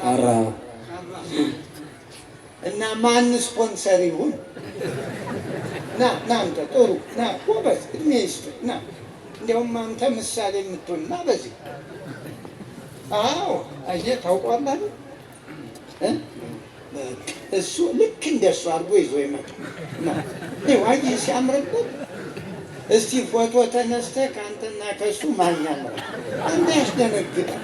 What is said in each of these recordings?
ቀራ እና ማን ስፖንሰር ይሁን? ና ጥሩ ና ጎበዝ፣ እድሜ ይስጥ ና። እንዲያውም አንተ ምሳሌ የምትሆን ና በዚህ አዎ፣ አየህ እሱ ልክ እንደሱ አድርጎ ይዞ ይመጣ ና ዋይ ሲያምርበት እስቲ ፎቶ ተነስተ ከአንተና ከሱ ማኛ ነው እንደ ያስደነግጣል።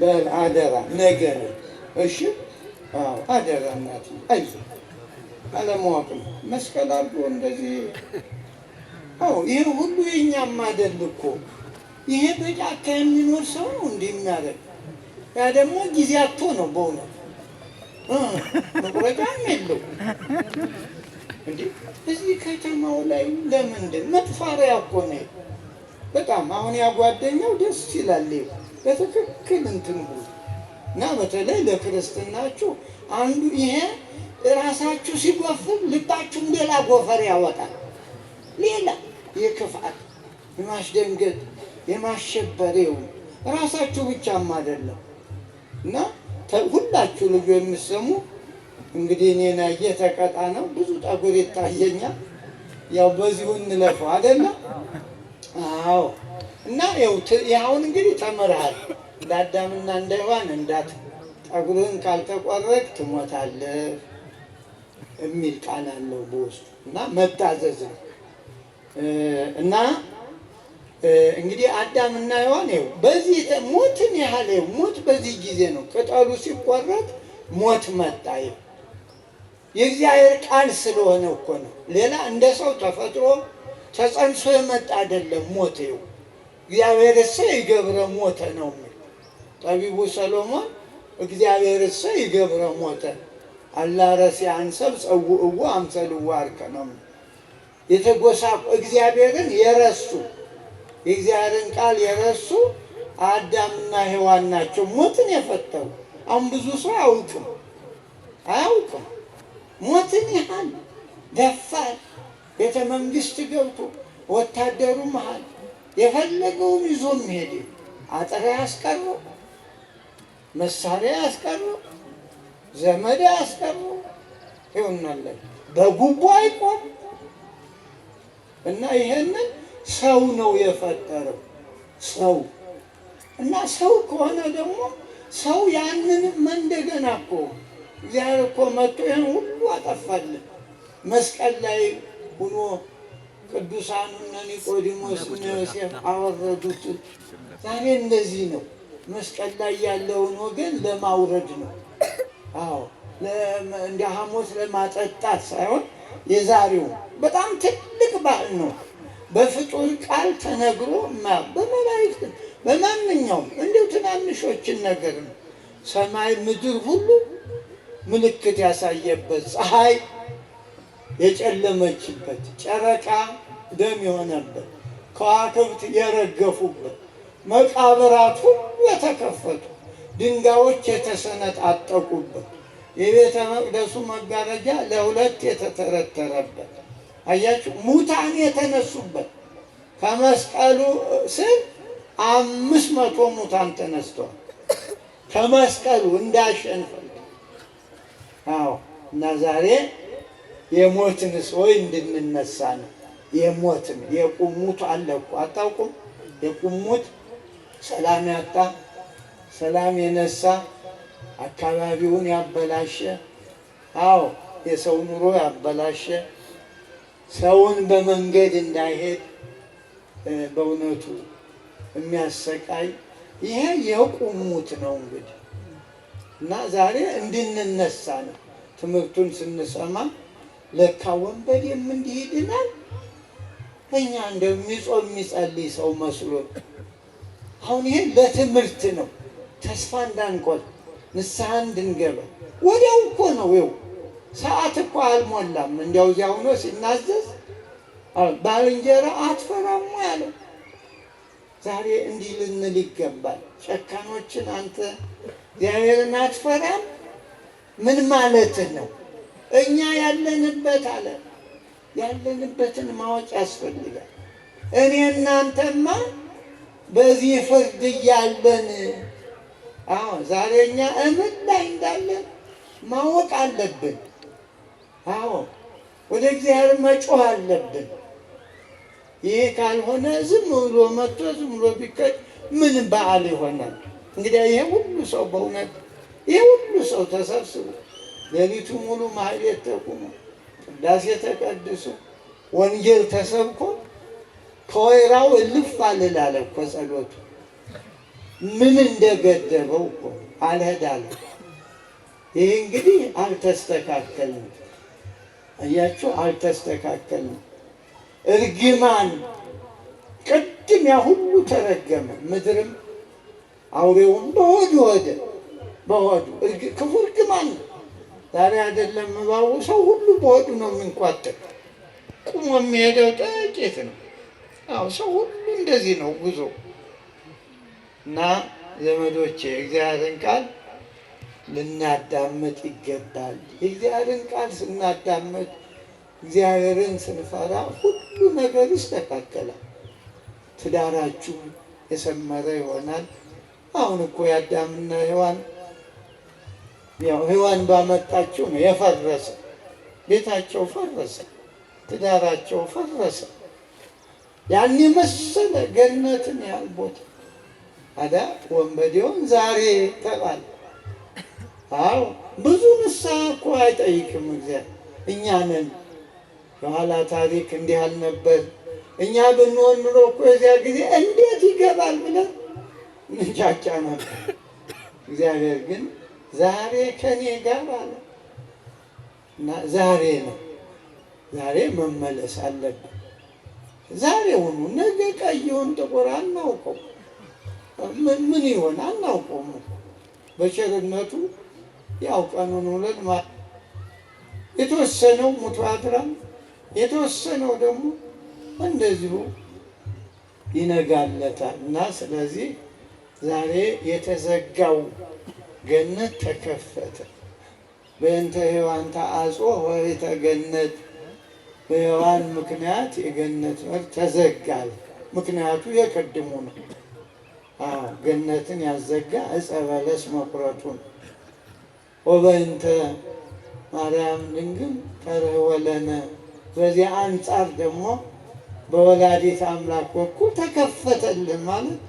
በል አደራ ነገር እሺ፣ አደራ ናት። አይዞ አለማወቅ ነው መስቀል አድርጎ እንደዚህ። አዎ ይህ ሁሉ የእኛም አይደል እኮ ይሄ በጫካ የሚኖር ሰው ነው እንዲህ የሚያደርግ። ያ ደግሞ ጊዜ አቶ ነው በእውነት መቁረጫም የለው እንዴ እዚህ ከተማው ላይ ለምንድን መጥፋሪያ እኮ ነው። በጣም አሁን ያጓደኛው ደስ ይላል። በትክክል እንትን እና በተለይ ለክርስትናችሁ አንዱ ይሄ እራሳችሁ ሲጎፍር ልባችሁም ሌላ ጎፈር ያወጣል። ሌላ የክፋት የማስደንገጥ የማሸበሬውን ራሳችሁ ብቻም አይደለም እና ሁላችሁ ልዩ የምሰሙ? እንግዲህ እኔን አየህ ተቀጣ ነው ብዙ ጠጉር ይታየኛል። ያው በዚሁ እንለፈው አይደለ? አዎ። እና ይኸውን እንግዲህ ተምርሃል። እንደ አዳምና እንደ ሔዋን እንዳት ጠጉርህን ካልተቆረግ ትሞታለህ የሚል ቃል አለው በውስጡ እና መታዘዝ እና እንግዲህ አዳም እና ሔዋን ይኸው በዚህ ሞትን ያህል ሞት በዚህ ጊዜ ነው ቅጠሉ ሲቆረጥ ሞት መጣ ይኸው የእግዚአብሔር ቃል ስለሆነ እኮ ነው። ሌላ እንደ ሰው ተፈጥሮ ተጸንሶ የመጣ አይደለም። ሞቴው እግዚአብሔር እሰ ይገብረ ሞተ ነው የሚለው ጠቢቡ ሰሎሞን። እግዚአብሔር እሰ ይገብረ ሞተ አላረሴ አንሰብ ጸውዕዎ አምሰልዎ አርከ ነው የተጎሳቁ እግዚአብሔርን የረሱ የእግዚአብሔርን ቃል የረሱ አዳምና ሔዋን ናቸው ሞትን የፈጠሩ። አሁን ብዙ ሰው አያውቅም አያውቅም ሞትን ያህል ደፋር ቤተ መንግስት ገብቶ ወታደሩ መሃል የፈለገውን ይዞ ሄድ አጥር ያስቀሩ፣ መሳሪያ ያስቀሩ፣ ዘመድ ያስቀሩ ይሆናለን። በጉቦ አይቆም እና ይሄንን ሰው ነው የፈጠረው ሰው እና ሰው ከሆነ ደግሞ ሰው ያንንም እንደገና እኮ እግዚአብሔር እኮ መጥቶ ይህን ሁሉ አጠፋልን። መስቀል ላይ ሁኖ ቅዱሳኑ እነ ኒቆዲሞስ እነ ዮሴፍ አወረዱት። ዛሬ እንደዚህ ነው። መስቀል ላይ ያለውን ወገን ለማውረድ ነው። አዎ እንደ ሐሞት ለማጠጣት ሳይሆን የዛሬው በጣም ትልቅ በዓል ነው። በፍጡር ቃል ተነግሮ በመላእክት በማንኛውም እንዲሁ ትናንሾችን ነገር ነው ሰማይ ምድር ሁሉ ምልክት ያሳየበት ፀሐይ የጨለመችበት፣ ጨረቃ ደም የሆነበት፣ ከዋክብት የረገፉበት፣ መቃብራት ሁሉ የተከፈቱ፣ ድንጋዮች የተሰነጣጠቁበት፣ የቤተ መቅደሱ መጋረጃ ለሁለት የተተረተረበት፣ አያችሁ ሙታን የተነሱበት ከመስቀሉ ስር አምስት መቶ ሙታን ተነስተዋል። ከመስቀሉ እንዳሸንፈ አዎ። እና ዛሬ የሞትን ሰዎች እንድንነሳ ነው። የሞትን የቁሙት አለ እኮ አታውቁም? የቁሙት ሰላም ያጣ ሰላም የነሳ አካባቢውን ያበላሸ፣ አዎ የሰው ኑሮ ያበላሸ፣ ሰውን በመንገድ እንዳይሄድ በእውነቱ የሚያሰቃይ ይሄ የቁሙት ነው እንግዲህ እና ዛሬ እንድንነሳ ነው። ትምህርቱን ስንሰማ ለካ ወንበዴም እንዲህ ይድናል እኛ እንደሚጾም የሚጸልይ ሰው መስሎ አሁን ይህን ለትምህርት ነው። ተስፋ እንዳንቆል ንስሐ እንድንገባ ወዲያው እኮ ነው። ው ሰዓት እኮ አልሞላም። እንዲያው እዚያ ሆኖ ሲናዘዝ ባልንጀራ አትፈራሙ ያለ ዛሬ እንዲህ ልንል ይገባል። ጨካኖችን አንተ እግዚአብሔርን አትፈራም ምን ማለት ነው? እኛ ያለንበት አለ ያለንበትን ማወቅ ያስፈልጋል። እኔ እናንተማ በዚህ ፍርድ እያለን አዎ ዛሬ እኛ እምን ላይ እንዳለን ማወቅ አለብን። አዎ ወደ እግዚአብሔር መጮህ አለብን። ይሄ ካልሆነ ዝም ብሎ መጥቶ ዝም ብሎ ቢቀጭ ምን በዓል ይሆናል? እንግዲህ ይሄ ሁሉ ሰው በእውነት ይህ ሁሉ ሰው ተሰብስቦ ሌሊቱ ሙሉ ማህሌት ተቁሞ ቅዳሴ ተቀድሶ ወንጌል ተሰብኮ ከወይራው እልፍ አልላለ እኮ ጸሎቱ ምን እንደገደበው እኮ አልሄዳለ። ይህ እንግዲህ አልተስተካከልም፣ እያችሁ አልተስተካከልም። እርግማን ቅድም ያ ሁሉ ተረገመ፣ ምድርም አውሬውም በሆድ ወደ በሆዱ ክፉ እርግማን ዛሬ አይደለም እባቡ ሰው ሁሉ በሆዱ ነው የሚንቋጠቅ። ቁሞ የሚሄደው ጥቂት ነው። አዎ ሰው ሁሉ እንደዚህ ነው ጉዞ እና ዘመዶቼ የእግዚአብሔርን ቃል ልናዳመጥ ይገባል። የእግዚአብሔርን ቃል ስናዳመጥ እግዚአብሔርን ስንፈራ ሁሉ ነገር ይስተካከላል። ትዳራችሁ የሰመረ ይሆናል። አሁን እኮ የአዳምና ሔዋን ሔዋን ባመጣችው ነው የፈረሰ። ቤታቸው ፈረሰ፣ ትዳራቸው ፈረሰ። ያን የመሰለ ገነትን ያህል ቦታ አዳ ወንበዴውን ዛሬ ተባለ። አዎ ብዙ ንስሐ እኮ አይጠይቅም እግዚአብሔር። እኛንን የኋላ ታሪክ እንዲህ አልነበር እኛ ብንሆን ኑሮ እኮ የዚያ ጊዜ እንዴት ይገባል ብለን እንጃቻ ነበር። እግዚአብሔር ግን ዛሬ ከኔ ጋር አለ እና ዛሬ ነው ዛሬ መመለስ አለብን። ዛሬውኑ ነገ ቀይውን ጥቁር አናውቀው፣ ምን ይሆን አናውቀውም። በቸርነቱ ያው ቀኑን ሁለት የተወሰነው ሙቶ አድራም፣ የተወሰነው ደግሞ እንደዚሁ ይነጋለታል እና ስለዚህ ዛሬ የተዘጋው ገነት ተከፈተ። በእንተ ሔዋን ተአጾ ወይተ ገነት፣ በሔዋን ምክንያት የገነት በር ተዘጋል። ምክንያቱ የቀድሙ ነው። ገነትን ያዘጋ ዕፀ በለስ መቁረጡ ነው። ወበእንተ ማርያም ድንግል ተርኅወለነ፣ በዚህ አንጻር ደግሞ በወላዲት አምላክ በኩል ተከፈተልን ማለት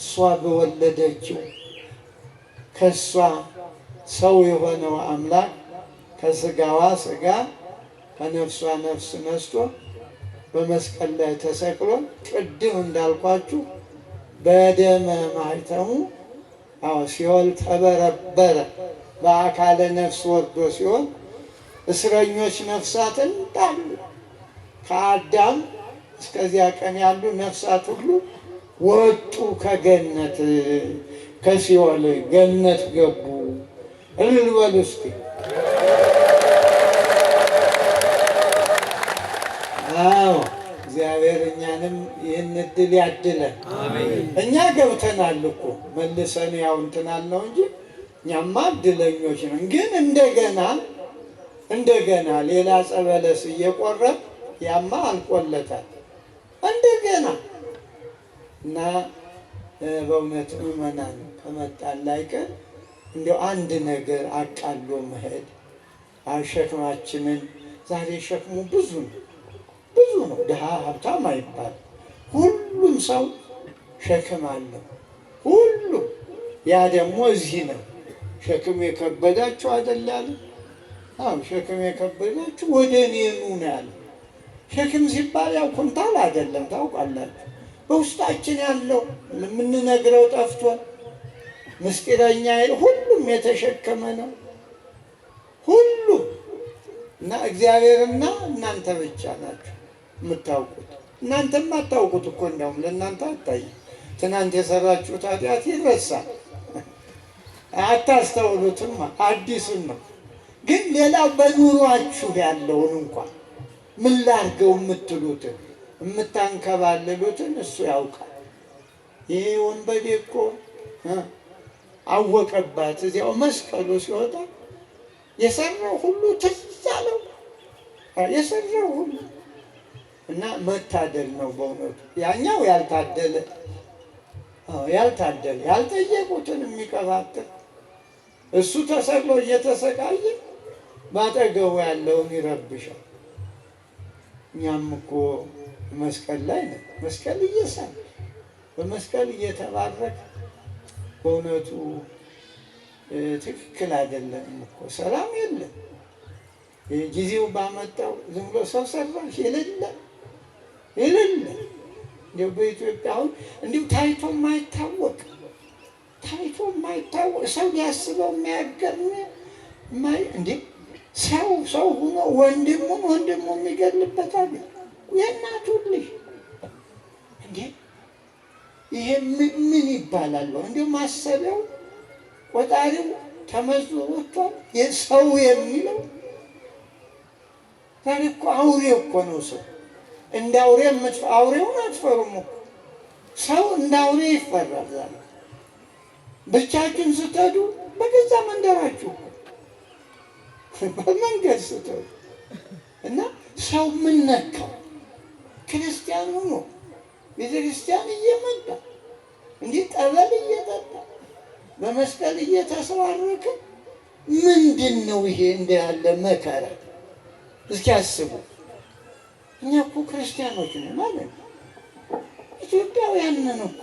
እሷ በወለደችው ከእሷ ሰው የሆነው አምላክ ከስጋዋ ስጋ ከነፍሷ ነፍስ ነስቶ በመስቀል ላይ ተሰቅሎ ቅድም እንዳልኳችሁ በደመ ማይተሙ አዎ ሲኦል ተበረበረ። በአካለ ነፍስ ወርዶ ሲሆን እስረኞች ነፍሳት እንዳሉ ከአዳም እስከዚያ ቀን ያሉ ነፍሳት ሁሉ ወጡ ከገነት። ከሲኦል ገነት ገቡ። እልል በሉ እስኪ። አዎ እግዚአብሔር እኛንም ይህን እድል ያድለን። እኛ ገብተናል እኮ መልሰን ያው እንትናል ነው እንጂ እኛማ እድለኞች ነን። ግን እንደገና እንደገና ሌላ ጸበለስ እየቆረጥ ያማ አልቆለታል እንደገና እና በእውነት እመናን ከመጣን ላይ ቀን እንዲያው አንድ ነገር አቃሎ መሄድ አሸክማችንን ዛሬ ሸክሙ ብዙ ነው፣ ብዙ ነው። ድሀ ሀብታም አይባል። ሁሉም ሰው ሸክም አለው። ሁሉም ያ ደግሞ እዚህ ነው። ሸክም የከበዳችሁ አደላለ አዎ ሸክም የከበዳችሁ ወደ እኔ ኑ ነው ያለ። ሸክም ሲባል ያው ኩንታል አይደለም ታውቃላችሁ። በውስጣችን ያለው የምንነግረው ጠፍቷል። ምስጢረኛ ሁሉም የተሸከመ ነው ሁሉም እና እግዚአብሔርና እናንተ ብቻ ናችሁ የምታውቁት። እናንተም አታውቁት እኮ እንዲያውም ለእናንተ አታይ። ትናንት የሰራችሁት ኃጢአት ይረሳል፣ አታስተውሉትም። አዲሱን ነው ግን ሌላ በኑሯችሁ ያለውን እንኳን ምን ላርገው የምትሉትን የምታንከባለሉትን እሱ ያውቃል። ይህ ወንበዴ እኮ አወቀባት። እዚያው መስቀሉ ሲወጣ የሰራው ሁሉ ትዝ አለው። የሰራው ሁሉ እና መታደል ነው በእውነቱ። ያኛው ያልታደለ ያልታደለ ያልጠየቁትን የሚቀባጥር እሱ ተሰቅሎ እየተሰቃየ ባጠገቡ ያለውን ይረብሻል። እኛም እኮ መስቀል ላይ መስቀል እየሳል በመስቀል እየተባረክ በእውነቱ ትክክል አይደለም እኮ ሰላም የለም። ጊዜው ባመጣው ዝም ብሎ ሰው ሰራሽ የሌለ የሌለ እንዲሁ በኢትዮጵያ አሁን እንዲሁ ታይቶ የማይታወቅ ታይቶ የማይታወቅ ሰው ሊያስበው የሚያገርም ሰው ሰው ሆኖ ወንድሙን ወንድሙ የሚገድልበት የእናቱ ልጅ ይሄ ምን ይባላል? እንዲሁ ማሰቢያው ቆጣሪው ተመዞ የሰው የሚለው ዛሬ እኮ አውሬ እኮ ነው ሰው። እንደ አውሬ አውሬውን አትፈሩም እኮ ሰው እንደ አውሬ ይፈራል። ዛሬ ብቻችን ስትሄዱ በገዛ መንደራችሁ በመንገድ ስትሄዱ እና ሰው ምን ነካው? ክርስቲያን ሆኖ ቤተ ክርስቲያን እየመጣ እንዲህ ጠበል እየጠጣ በመስቀል እየተሰዋረከ ምንድን ነው ይሄ እንደ ያለ መከራ? እስኪ አስቡ። እኛ እኮ ክርስቲያኖች ነን ማለት ነው። ኢትዮጵያውያን ነን እኮ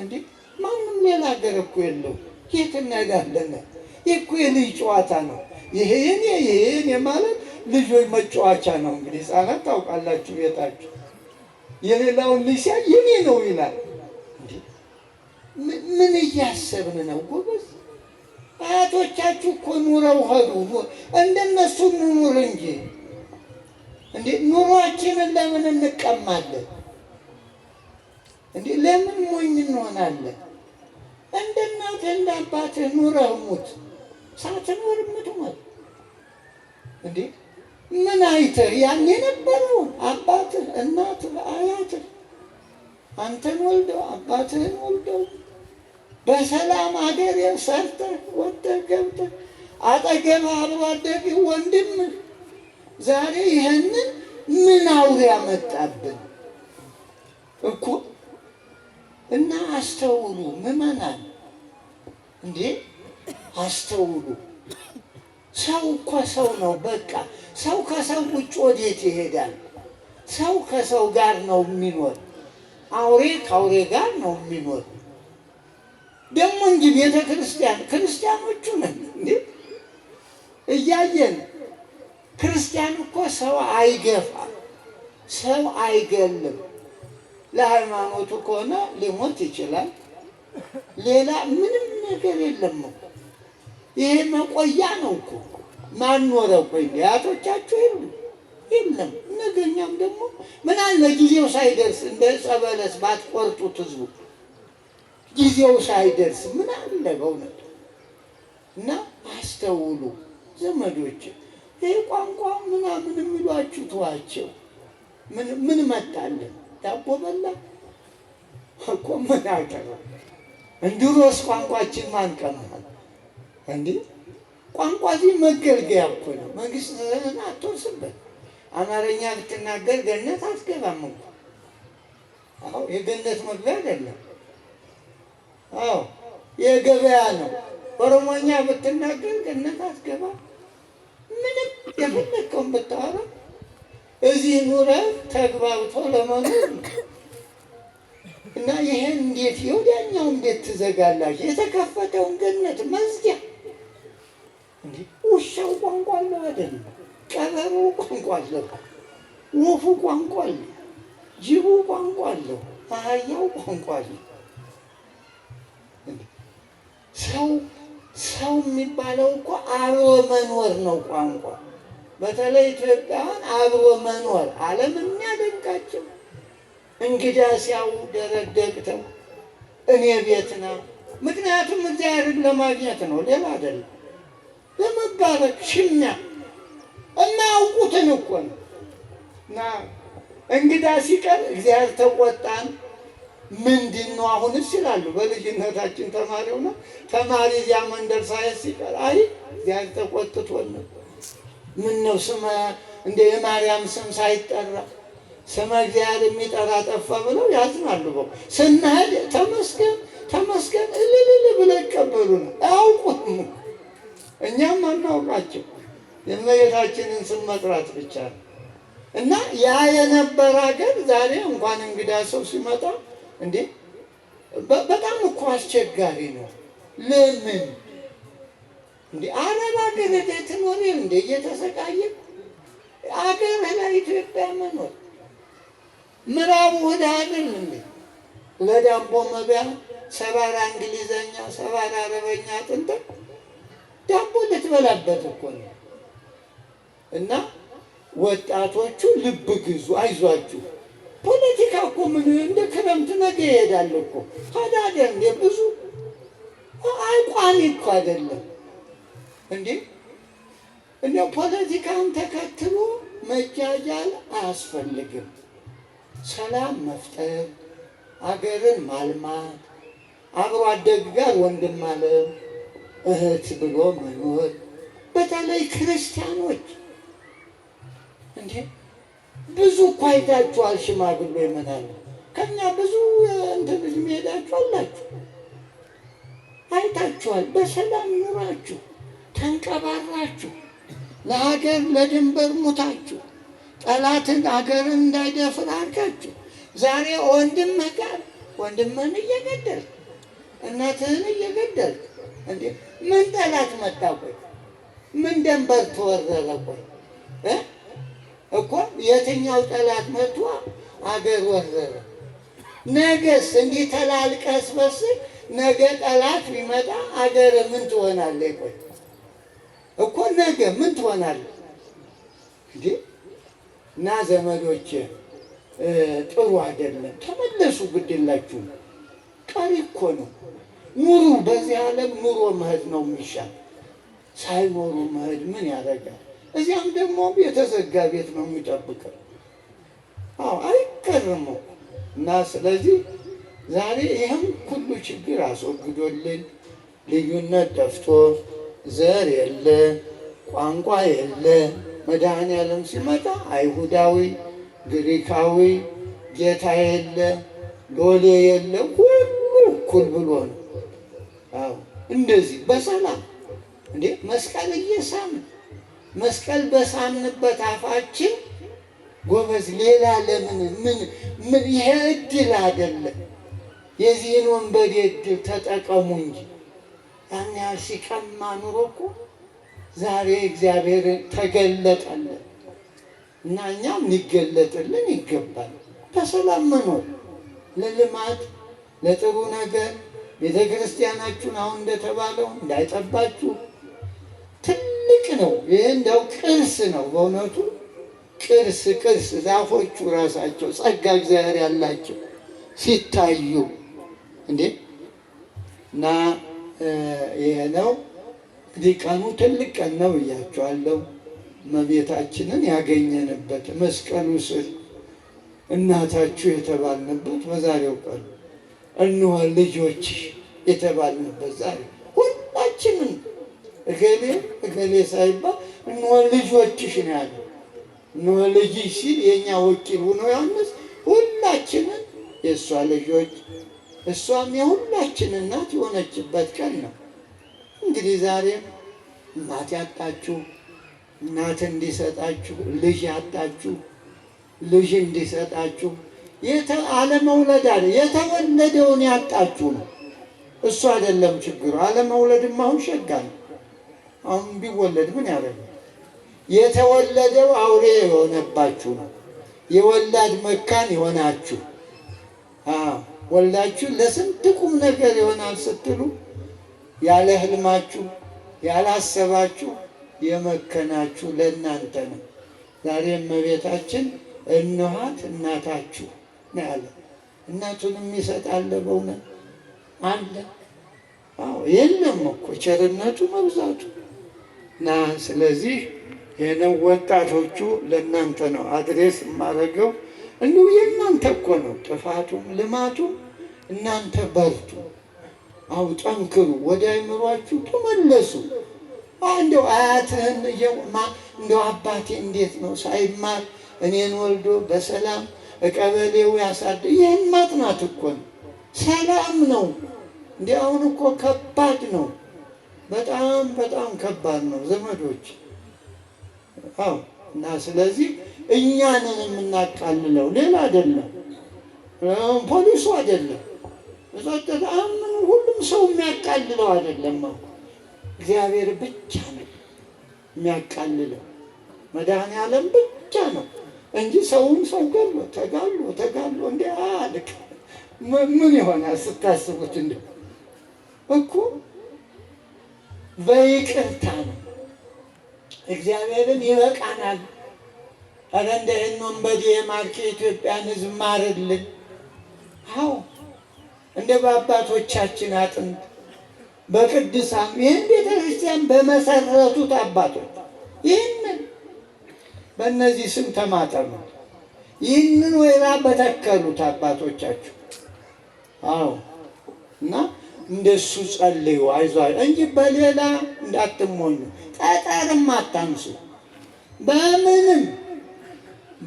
እንዴ! ማንም ሌላ ሀገር እኮ የለው። የት እናጋለን? ይህ እኮ የልጅ ጨዋታ ነው። ይሄን ይሄን ማለት ልጆች መጫወቻ ነው። እንግዲህ ህጻናት ታውቃላችሁ ቤታችሁ የሌላውን ልጅ የኔ ነው ይላል። ምን እያሰብን ነው ጎበዝ? አያቶቻችሁ እኮ ኑረው ሄዱ። እንደነሱ ኑኑር እንጂ እንዴ! ኑሯችንን ለምን እንቀማለን? እንዴ! ለምን ሞኝ እንሆናለን? እንደ እናትህ እንደ አባትህ ኑረህ ሙት። ሳትኖር ምትሞት እንዴ! ምን አይተህ ያን የነበረውን አባትህ እናትህ አያትህ አንተን ወልደው አባትህን ወልደው በሰላም አገር ሰርተህ ወጥተህ ገብተህ አጠገብ አብሮ አደግ ወንድምህ ዛሬ ይህንን ምን አውሬ ያመጣብን እኮ እና አስተውሉ ምዕመናን እንዴ አስተውሉ ሰው እኮ ሰው ነው። በቃ ሰው ከሰው ውጭ ወዴት ይሄዳል? ሰው ከሰው ጋር ነው የሚኖር። አውሬ ከአውሬ ጋር ነው የሚኖር። ደግሞ እንጂ ቤተ ክርስቲያን ክርስቲያኖቹ ነን እያየን ክርስቲያን እኮ ሰው አይገፋ ሰው አይገልም። ለሃይማኖቱ ከሆነ ሊሞት ይችላል። ሌላ ምንም ነገር የለም እኮ ይህ መቆያ ነው እኮ ማን ኖረ? ቆይ አያቶቻችሁ የሉ የለም። ነገኛም ደግሞ ምን አለ ጊዜው ሳይደርስ እንደ ዕፀ በለስ ባትቆርጡት ህዝቡ ጊዜው ሳይደርስ ምን አለ እና አስተውሉ ዘመዶች፣ ይህ ቋንቋ ምናምን የሚሏችሁ ተዋቸው። ምን መጣለን? ዳቦ በላ እኮ ምን አቀረ እንድሮስ ቋንቋችን እንዴ ቋንቋ እዚህ መገልገያ እኮ ነው። መንግስት ዘና አትወርስበት። አማርኛ ብትናገር ገነት አትገባም እኮ። አዎ የገነት መግቢያ አይደለም። አዎ የገበያ ነው። ኦሮሞኛ ብትናገር ገነት አትገባም። ምንም የፈለከውን ብታወራ እዚህ ኑረ ተግባብቶ ለመኖር እና ይሄን እንዴት የወዲያኛው እንዴት ትዘጋላችሁ? የተከፈተውን ገነት መዝጊያ ውሻው ቋንቋ አለው አይደለም? ቀበሮ ቋንቋ አለው፣ ወፉ ቋንቋ አለው፣ ጅቡ ቋንቋ አለው፣ አህያው ቋንቋ አለው። ሰው ሰው የሚባለው እኮ አብሮ መኖር ነው ቋንቋ። በተለይ ኢትዮጵያውያን አብሮ መኖር ዓለም የሚያደንቃቸው እንግዳ ሲያው ደረደግተው እኔ ቤት ነው። ምክንያቱም እግዚአብሔርን ለማግኘት ነው፣ ሌላ አይደለም። አለች ሽሚያ እና አውቁትን እኮ ነው እና እንግዳ ሲቀር እግዚአብሔር ተቆጣን። ምንድን ነው አሁንስ ይላሉ። በልጅነታችን ተማሪ ሆነ ተማሪ እዚያ መንደር ሳይስ ሲቀር አይ እግዚአብሔር ተቆጥቶን ነበር። ምን ነው ስመ እንደ የማርያም ስም ሳይጠራ ስመ እግዚአብሔር የሚጠራ ጠፋ ብለው ያዝናሉ። በው ስናህል ተመስገን ተመስገን እልልል ብለው ይቀበሉ ነው አያውቁም። እኛም አናውቃቸው የእመቤታችንን ስም መጥራት ብቻ ነው። እና ያ የነበረ ሀገር ዛሬ እንኳን እንግዳ ሰው ሲመጣ እንዴ በጣም እኮ አስቸጋሪ ነው። ለምን እንዲ አረብ ሀገር ሄደህ ትኖር እንዴ እየተሰቃየ አገር ላይ ኢትዮጵያ መኖር ምዕራቡ ወደ ሀገር እንዴ ለዳቦ መቢያ ሰባራ እንግሊዘኛ ሰባራ አረበኛ ጥንጠቅ ዳቦ ልትበላበት እኮ ነው። እና ወጣቶቹ ልብ ግዙ፣ አይዟችሁ። ፖለቲካ እኮ ምን እንደ ክረምት ነገ ይሄዳል እኮ ታዲያ ብዙ አይቋሚ እኮ አይደለም እንዴ እንደ ፖለቲካን ተከትሎ መጃጃል አያስፈልግም። ሰላም መፍጠር፣ አገርን ማልማት፣ አብሮ አደግ ጋር ወንድም ማለት እህት ብሎ መኖር በተለይ ክርስቲያኖች እንዴ ብዙ እኮ ሄዳችኋል። ሽማግሌ ይመጣሉ። ከኛ ብዙ እንትን ዕድሜ ሄዳችሁ አላችሁ አይታችኋል። በሰላም ኑራችሁ ተንቀባራችሁ፣ ለሀገር ለድንበር ሙታችሁ፣ ጠላትን ሀገርን እንዳይደፍር አድርጋችሁ ዛሬ ወንድምህ ጋር ወንድምህን እየገደልክ እናትህን እየገደልክ እንዴ ምን ጠላት መጣ? ቆይ ምን ደንበር ተወረረ? ቆይ እኮ የትኛው ጠላት መጥቶ አገር ወረረ? ነገስ እንዲህ ተላልቀስ በስል ነገ ጠላት ቢመጣ አገር ምን ትሆናለህ? ቆይ እኮ ነገ ምን ትሆናለህ? እንዴ እና ዘመዶች ጥሩ አይደለም። ተመለሱ፣ ግድላችሁ ቀሪ እኮ ነው። ኑሩ። በዚህ ዓለም ኑሮ መሄድ ነው የሚሻል። ሳይኖሩ መሄድ ምን ያደርጋል? እዚያም ደግሞ የተዘጋ ቤት ነው የሚጠብቀው። አዎ አይቀርም። እና ስለዚህ ዛሬ ይህም ሁሉ ችግር አስወግዶልን ልዩነት ጠፍቶ ዘር የለ ቋንቋ የለ መድኃኔ ዓለም ሲመጣ አይሁዳዊ፣ ግሪካዊ ጌታ የለ ሎሌ የለ እኩል ብሎ ነው። አዎ እንደዚህ በሰላም እንዴ መስቀል እየሳም መስቀል በሳምንበት አፋችን ጎበዝ፣ ሌላ ለምን ምን ምን ይሄ እድል አይደለም። የዚህን ወንበዴ እድል ተጠቀሙ እንጂ ያን ያህል ሲቀማ ኑሮ እኮ ዛሬ እግዚአብሔር ተገለጠለን እና እኛም ሊገለጥልን ይገባል። በሰላም መኖር ለልማት ለጥሩ ነገር ቤተ ክርስቲያናችሁን አሁን እንደተባለው እንዳይጠባችሁ ትልቅ ነው። ይህ እንደው ቅርስ ነው በእውነቱ ቅርስ ቅርስ ዛፎቹ ራሳቸው ጸጋ እግዚአብሔር ያላቸው ሲታዩ እንዴ እና ይሄ ነው እንግዲህ ቀኑ ትልቅ ቀን ነው እያቸዋለሁ። እመቤታችንን ያገኘንበት መስቀሉ ስር እናታችሁ የተባልንበት በዛሬው ቀን እንሆ ልጆች የተባልንበት ዛሬ ሁላችንም እገሌ እገሌ ሳይባል እንሆ ልጆችሽ ነው ያለ። እንሆ ልጅ ሲል የእኛ ወኪል ሆኖ ያነስ ሁላችንም የእሷ ልጆች፣ እሷም የሁላችን እናት የሆነችበት ቀን ነው። እንግዲህ ዛሬም እናት ያጣችሁ እናት እንዲሰጣችሁ ልጅ ያጣችሁ ልጅ እንዲሰጣችሁ አለመውለድ አለ። የተወለደውን ያጣችሁ ነው እሱ አይደለም ችግሩ። አለመውለድም አሁን ሸጋ ነው። አሁን ቢወለድ ምን ያደረገ? የተወለደው አውሬ የሆነባችሁ ነው። የወላድ መካን የሆናችሁ ወልዳችሁ ለስንት ቁም ነገር ይሆናል ስትሉ ያለ ህልማችሁ ያላሰባችሁ የመከናችሁ ለእናንተ ነው። ዛሬ እመቤታችን እንኋት እናታችሁ ነው ያለ። እናቱንም ይሰጣል። በእውነት አለ። አዎ የለም እኮ ቸርነቱ መብዛቱ እና ስለዚህ ይህነው ወጣቶቹ ለእናንተ ነው አድሬስ የማደርገው። እንዲሁ የእናንተ እኮ ነው ጥፋቱም ልማቱም። እናንተ በርቱ፣ አው ጠንክሩ፣ ወደ አይምሯችሁ ተመለሱ። እንደው አያትህን እንደው አባቴ እንዴት ነው ሳይማር እኔን ወልዶ በሰላም ቀበሌው ያሳደ ይህን ማጥናት እኮ ነው። ሰላም ነው እንዲ አሁን እኮ ከባድ ነው። በጣም በጣም ከባድ ነው ዘመዶች። አዎ እና ስለዚህ እኛንን የምናቃልለው ሌላ አይደለም፣ ፖሊሱ አይደለም፣ ጸጥታ ሁሉም ሰው የሚያቃልለው አይደለም። እግዚአብሔር ብቻ ነው የሚያቃልለው። መድኃኔ ዓለም ብቻ ነው እንጂ ሰውን ሰው ገሎ ተጋሎ ተጋሎ እንዲ አልክ ምን ይሆናል ስታስቡት? እንደ እኮ በይቅርታ ነው። እግዚአብሔርን ይበቃናል። ኧረ እንደ ህኖን በዲ የማርክ የኢትዮጵያን ህዝብ ማርልን። አዎ እንደ በአባቶቻችን አጥንት በቅዱሳን ይህን ቤተክርስቲያን በመሰረቱት አባቶች ይህን በእነዚህ ስም ተማጠኑ። ይህንን ወይራ በተከሉት አባቶቻችሁ አዎ። እና እንደሱ ጸልዩ፣ አይዟ እንጂ በሌላ እንዳትሞኙ። ጠጠርም አታንሱ። በምንም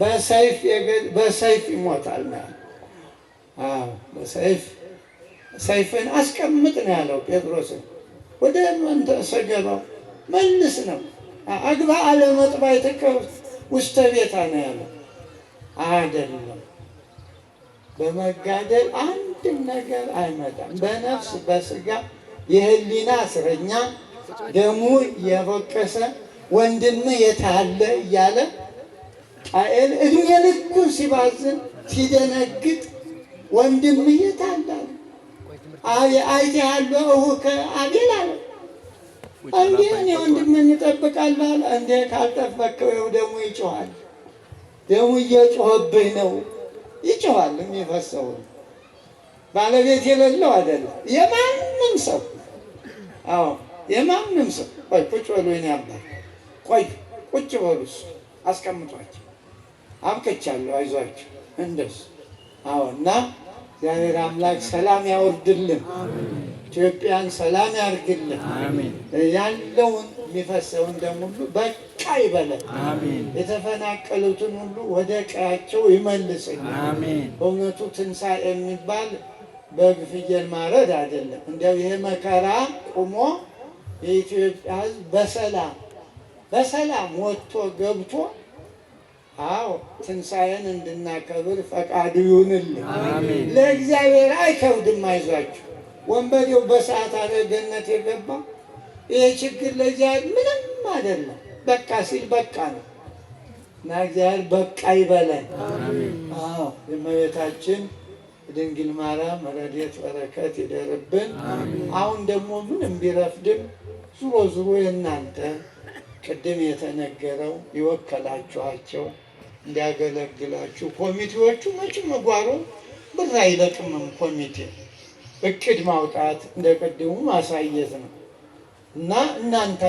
በሰይፍ ይሞታል ነው ያለው። በሰይፍ ሰይፍን አስቀምጥ ነው ያለው ጴጥሮስን። ወደ ሰገባው መልስ ነው አግባ አለመጥባ የተቀሩት ውስተ ቤታ ነው ያለው። አይደለም በመጋደል አንድም ነገር አይመጣም። በነፍስ በስጋ የህሊና እስረኛ ደሙ የበቀሰ ወንድም የታለ እያለ ቃኤል እድሜ ልኩን ሲባዝን ሲደነግጥ ወንድም የታለ አቤ አይቴ ያለው እሁከ አቤል አለ እንዴ እኔ ወንድምህን እጠብቃለሁ። እንዴ ካልጠበቅከው ደሙ ይጮኋል። ደሙ እየጮኸብህ ነው። ይጮኋል የሚፈሰው ባለቤት የሌለው አይደለም። የማንም ሰው አዎ፣ የማንም ሰው ቆይ፣ ቁጭ በሉ የእኔ አባት ቆይ፣ ቁጭ በሉ እሱ አስቀምጧቸው። አብቅቻለሁ፣ አይዟቸው። እንደሱ አዎ። እና እግዚአብሔር አምላክ ሰላም ያወርድልን። ኢትዮጵያን ሰላም ያርግልን። ያለውን የሚፈሰውን ደም ሁሉ በቃ ይበለን። የተፈናቀሉትን ሁሉ ወደ ቀያቸው ይመልስልን። በእውነቱ ትንሣኤ የሚባል በግ ፍየል ማረድ አይደለም። እንዲያው ይሄ መከራ ቁሞ የኢትዮጵያ ሕዝብ በሰላም በሰላም ወጥቶ ገብቶ አዎ ትንሣኤን እንድናከብር ፈቃዱ ይሁንልን። ለእግዚአብሔር አይከብድም። አይዟችሁ ወንበዴው በሰዓት አለ ገነት የገባ ይሄ ችግር ለዚያ ምንም አይደለም። በቃ ሲል በቃ ነው እና እግዚአብሔር በቃ ይበለን። አዎ የእመቤታችን ድንግል ማርያም ረድኤት በረከት ይደርብን። አሁን ደግሞ ምንም ቢረፍድም ዙሮ ዙሮ የእናንተ ቅድም የተነገረው ይወከላችኋቸው እንዲያገለግላችሁ ኮሚቴዎቹ መቼም ጓሮ ብር አይለቅምም ኮሚቴ እቅድ ማውጣት እንደ ቅድሙ ማሳየት ነው እና እናንተ